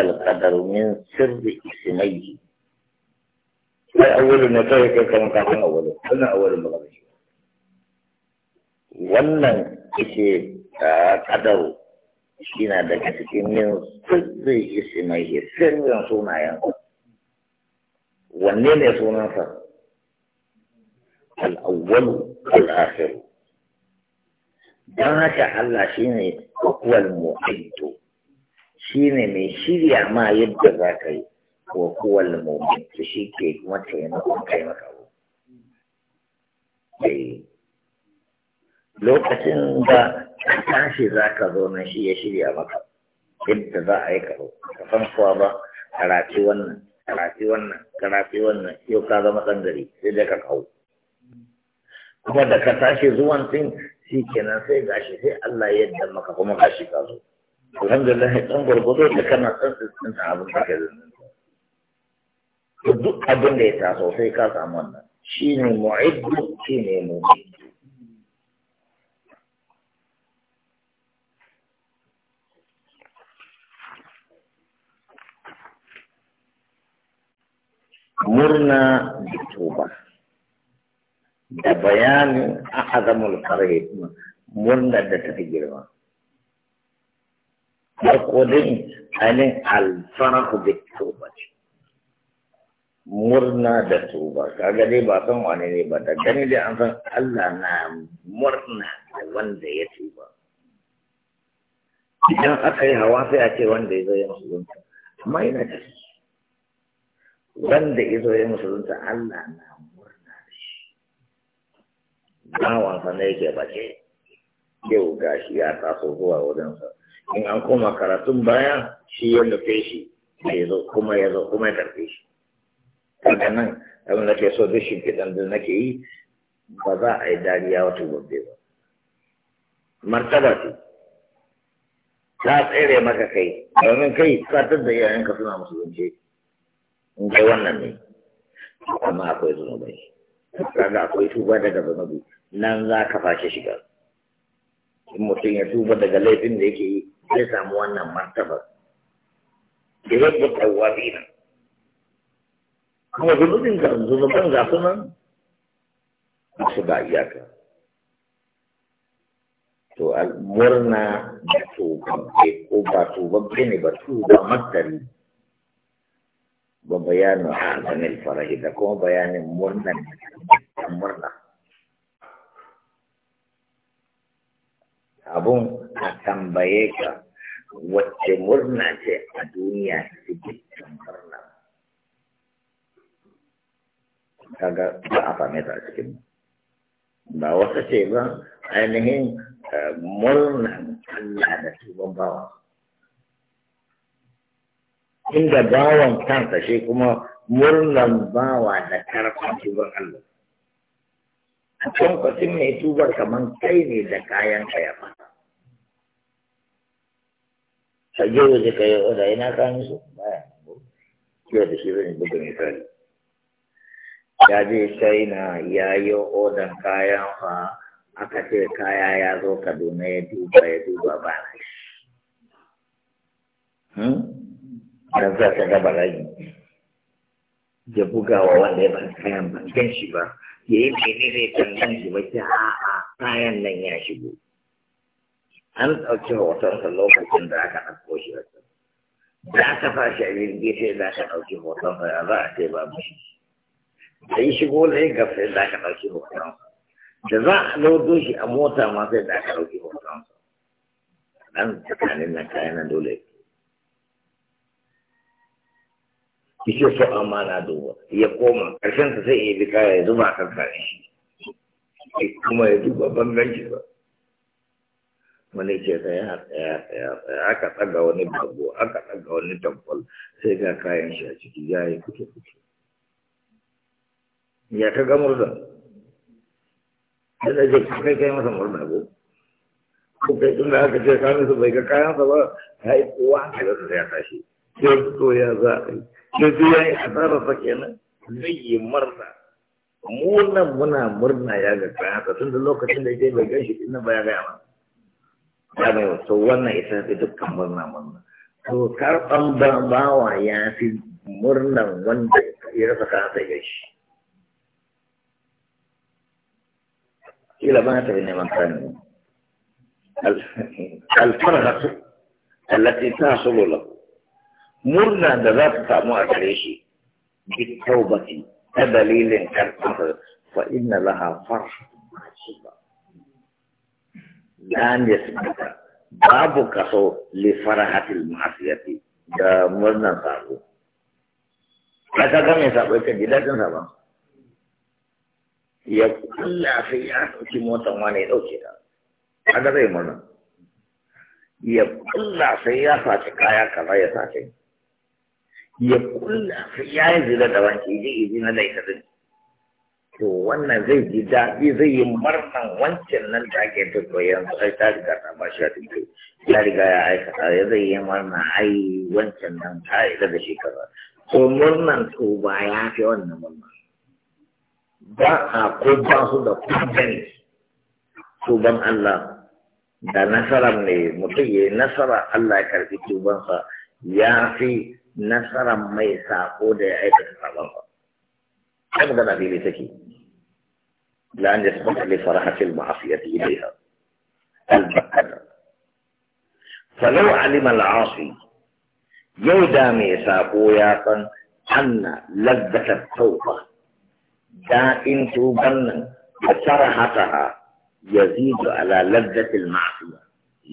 القدر من سر اسميه أول نتائج كان كان أول أنا أول ما wannan ishe kadau shi na daga cikin yin sirri ishe mai sirrin sunayen wanne ne sunansa al'awwalu al'akhiru don haka Allah shi ne kuwal mu'aitu shi ne mai shirya ma yadda za ka yi wa kowal mumin su shi ke maka eh. lokacin da ka tashi za ka zo na shi ya shirya maka yadda za a yi ka ka san kuwa ba karafi wannan karafi wannan karafi wannan yau ka zama ɗan gari sai dai ka kawo kuma da ka tashi zuwan din shi kenan sai gashi sai Allah yadda maka kuma gashi ka zo الحمد لله انظر بدور لكن اساس انت عبد كده بدو ابن ده تاسو في كاس عمان شين المعد شين المعد مرنا بتوبة ده بيان أعظم القريب مرنا ده تتجربه farko din ainihin alfarahu bi tuba murna da tuba kaga dai ba san wane ne ba da gani dai an san Allah na murna da wanda ya tuba idan aka yi hawa sai a ce wanda ya zo ya musulunta amma yana da wanda ya zo ya musulunta Allah na murna da shi wasa ne yake bace yau gashi ya taso zuwa wurinsa in an koma karatun baya shi ya nufe shi ya zo kuma ya zo kuma ya karfe shi daga nan abin da ke so duk shimfiɗan da nake yi ba za a yi dariya wata gobe ba martaba ce ta tsere maka kai domin kai satar da iyayenka suna musulunci in kai wannan ne amma akwai zunubai kaga akwai tuba daga zunubi nan za ka fashe shiga in mutum ya tuba daga laifin da yake yi zai samu wannan martabar da yadda tawwabi na kuma zunubin ga zunuban ga su su ba iyaka to murna da tubabbe ko ba to tubabbe ne ba ba mattari ba bayanin hazanin farahi da kuma bayanin murnan da murna abun a tambaye ka wacce murna ce a duniya cikin murna kaga ba a same ta cikin ba wata ce ba ainihin eh, murnan Allah da ban bawa inda bawan kansa shi kuma murnan bawa da karfin ban Allah kan kwacin mai tubar kamar kai ne da kayan kaya ba a je waje ka yi oda ina kayan su baya kiwa da shi zan buga misali ya je china ya yi odan kayan fa aka ce kaya ya zo kaduna ya duba ya duba ba na shi. Hmm? Nan za ta gaba ragi. ya buga wa wanda ya ban kayan ban gan shi ba ya yi mene ne ban gan shi ba ta a'a kayan nan ya shigo an ɗauki hotonsa lokacin da aka ɗauko shi a can da aka shi a jirgi sai da aka ɗauki hotonsa ya za a ce ba mu shi da yi shigo lagos sai da aka ɗauki hotonsa da za a lodo shi a mota ma sai da aka ɗauki hotonsa ɗan tsakanin na kayan nan dole yake so amana na duba ya koma ƙarshen sa sai ya bi kaya ya zuba kan kare shi kuma ya duba banganci ba wani ce ta ya tsaya aka tsaga wani babu aka tsaga wani tamfol sai ga kayan shi a ciki ya yi kuke kuke ya ta ga murza da je kai kai masa murna ko ko kai tun da aka ce kanin su bai ga kayan sa ba ya yi kowa a kai da ya tashi yanzu ya za a yi yanzu ya yi asararsa kenan zai yi murna munan muna murna ya ga kayansa tun da lokacin da ya bai gan shi ina ba ya gaya ba. ya mai wato wannan ita fi dukkan murna murna to karɓan bawa ya fi murnan wanda ya rasa kansa ya shi kila ba ta fi neman kanu alfarhatu allati tahsulu lahu murna da za ta samu a gare shi bi taubati ta dalilin karfafa fa inna laha farha ba ya nisbata babu kaso li farahatil ma'asiyati da murnan sabo Ya ga mai sabo kan gidajen sabon ya kulla sai ya ɗauki motan wani ɗauke da, ta ga zai murna ya kulla sai ya sace kaya kaza ya sace ya kulla ya yi zina da wanke ya yi zina da ita to wannan zai ji daɗi zai yi murnan wancan nan da ake tuko yanzu ai ta riga ta ba shi a tuko ya riga ya aikata ya zai yi murna ai wancan nan ta riga da shi to murnan to ba ya fi wannan murnan ba a ko ba su da kudin tuban Allah da nasara ne mutum ya yi nasara Allah ya karɓi tubansa ya fi nasarar mai sako da ya aikata sabon ba. Kan gana fili take. La an yasbata li farahatil ma'asiyati ilayha. Al-Bakar. Falau alima al-asi yau da mai sako ya san anna lazzata tauba da'in tuban nan da sarahataha yazidu ala lazzatil ma'asiya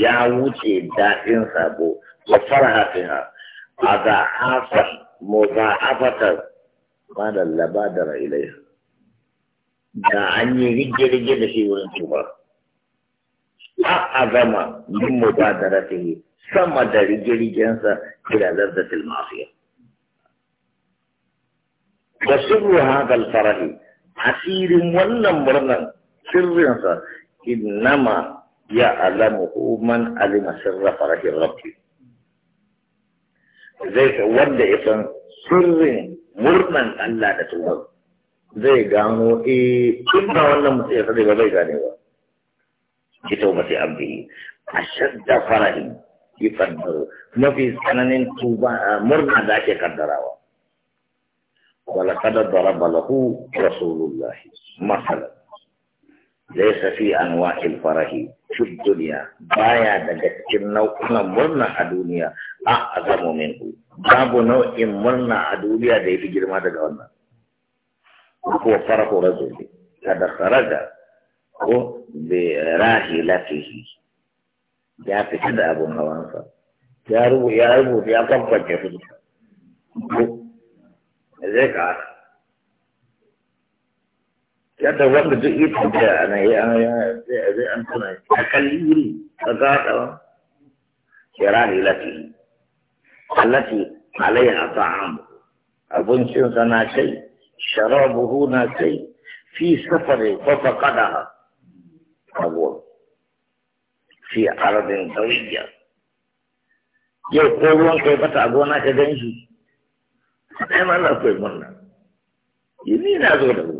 ya wuce da'in sabo wa sarahataha أضعافا مضاعفة قال لا بادر إليها دا أني رجع رجع لشي ورن أعظم من مبادرته سما دا رجع إلى لذة المعصية وسر هذا الفرح عسير ونمرنا مرنا سر إنما يعلمه من علم سر فرح الرب zai wanda ya san sirrin murnan Allah da tuba zai gano eh in ba wannan mutum ya sani ba zai gane ba ki tauba sai abdi ashadda farahi na mafi tsananin tuba eh, murna da ake kaddarawa ولقد ضرب له رسول الله laisa fi anwa'il farahi fi dunya baya daga cikin nau'ukan murna a duniya a azamu minhu babu nau'in murna a duniya da yafi girma daga wannan ko farahu rajuli kada kharaja ko bi rahilatihi ya fita da abun hawansa ya rubuta ya rubuta ya kwakwace su zai ka yadda wanda duk yi tafiya ana yi an zai an tuna a kalli wuri a gaɗa kira hilati halati alayya a ta'am abincinsa na kai sharabuhu na kai fi safari kwafa kada abuwa fi ardin tawiyya yau ko ruwan kai bata a gona ka gan shi ai ma na kai murna yi ni na zo da ruwa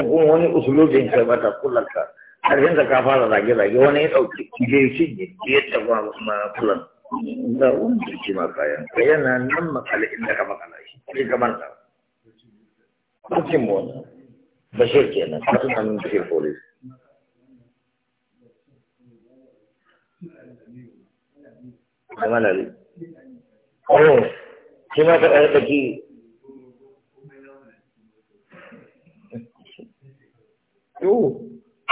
kun wani usulubin kai mata kullanka har yanzu ka fara zage-zage wani ya dauke ke shi ne yadda ba ma kullan da wani jiki ma kayan kayan na nan makale inda ka makala shi sai ka manta kucin mu bashir kenan ka suna min bashir police da malari oh shi ma ka ɗaya ɗaki yau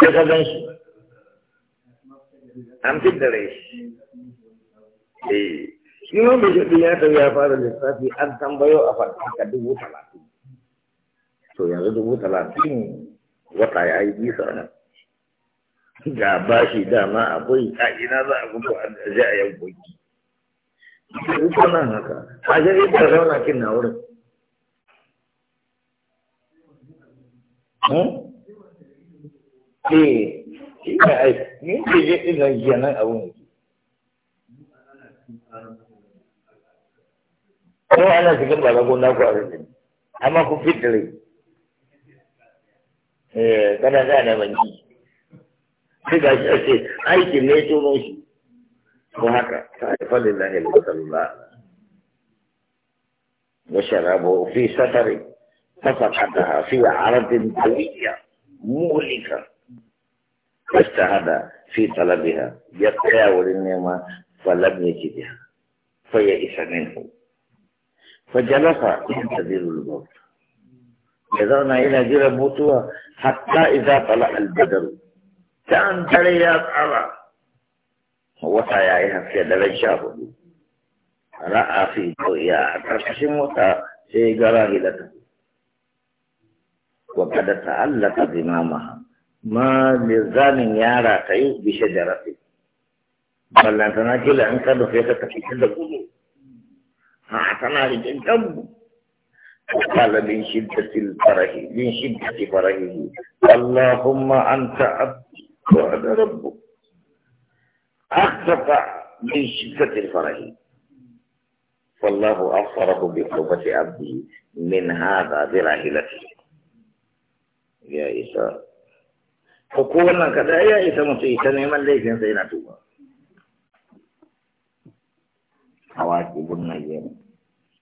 sai ka gan shi an fi da rai eh shi ma mai shaɗi ya tafi ya fara lissafi an tambayo a faɗa dubu talatin to yanzu dubu talatin wata ya yi bisa nan ga bashi dama akwai ka'ina za a gudu a ji a yankoki ita nan haka a jari ta zauna kin na wurin hmm? eh shi ne ai ne ke je nan giya nan ko ana cikin ba zagon naku a rikin amma ku fitri. eh kana da na banki sai ga shi ake aikin ne tono shi ko haka ta haifa lillahi alhamdulillah وشربوا في سفر فسقطها في عرض فاجتهد في طلبها يتداول النعمة فلم يجدها فيئس منه فجلس ينتظر الموت يدعونا إلى جرى موتها حتى إذا طلع البدر كان تريات على سيعيها في دل شافه رأى في ضوئها تركش موتها في جراهلته وقد تعلق بمامها ما ميزان يارا كي بشجرته بل أنت ناجل في دفيت تكيك ما أعطنا رجل كم قال من شدة الفرح من شدة فرحه اللهم أنت عبدي وأنا ربك أخفق من شدة الفرح فالله أبصره بقربة عبده من هذا براحلته يا إسرائيل ko ko wannan kada ya isa mutu ita neman laifin sai na tuba awaki bunna yana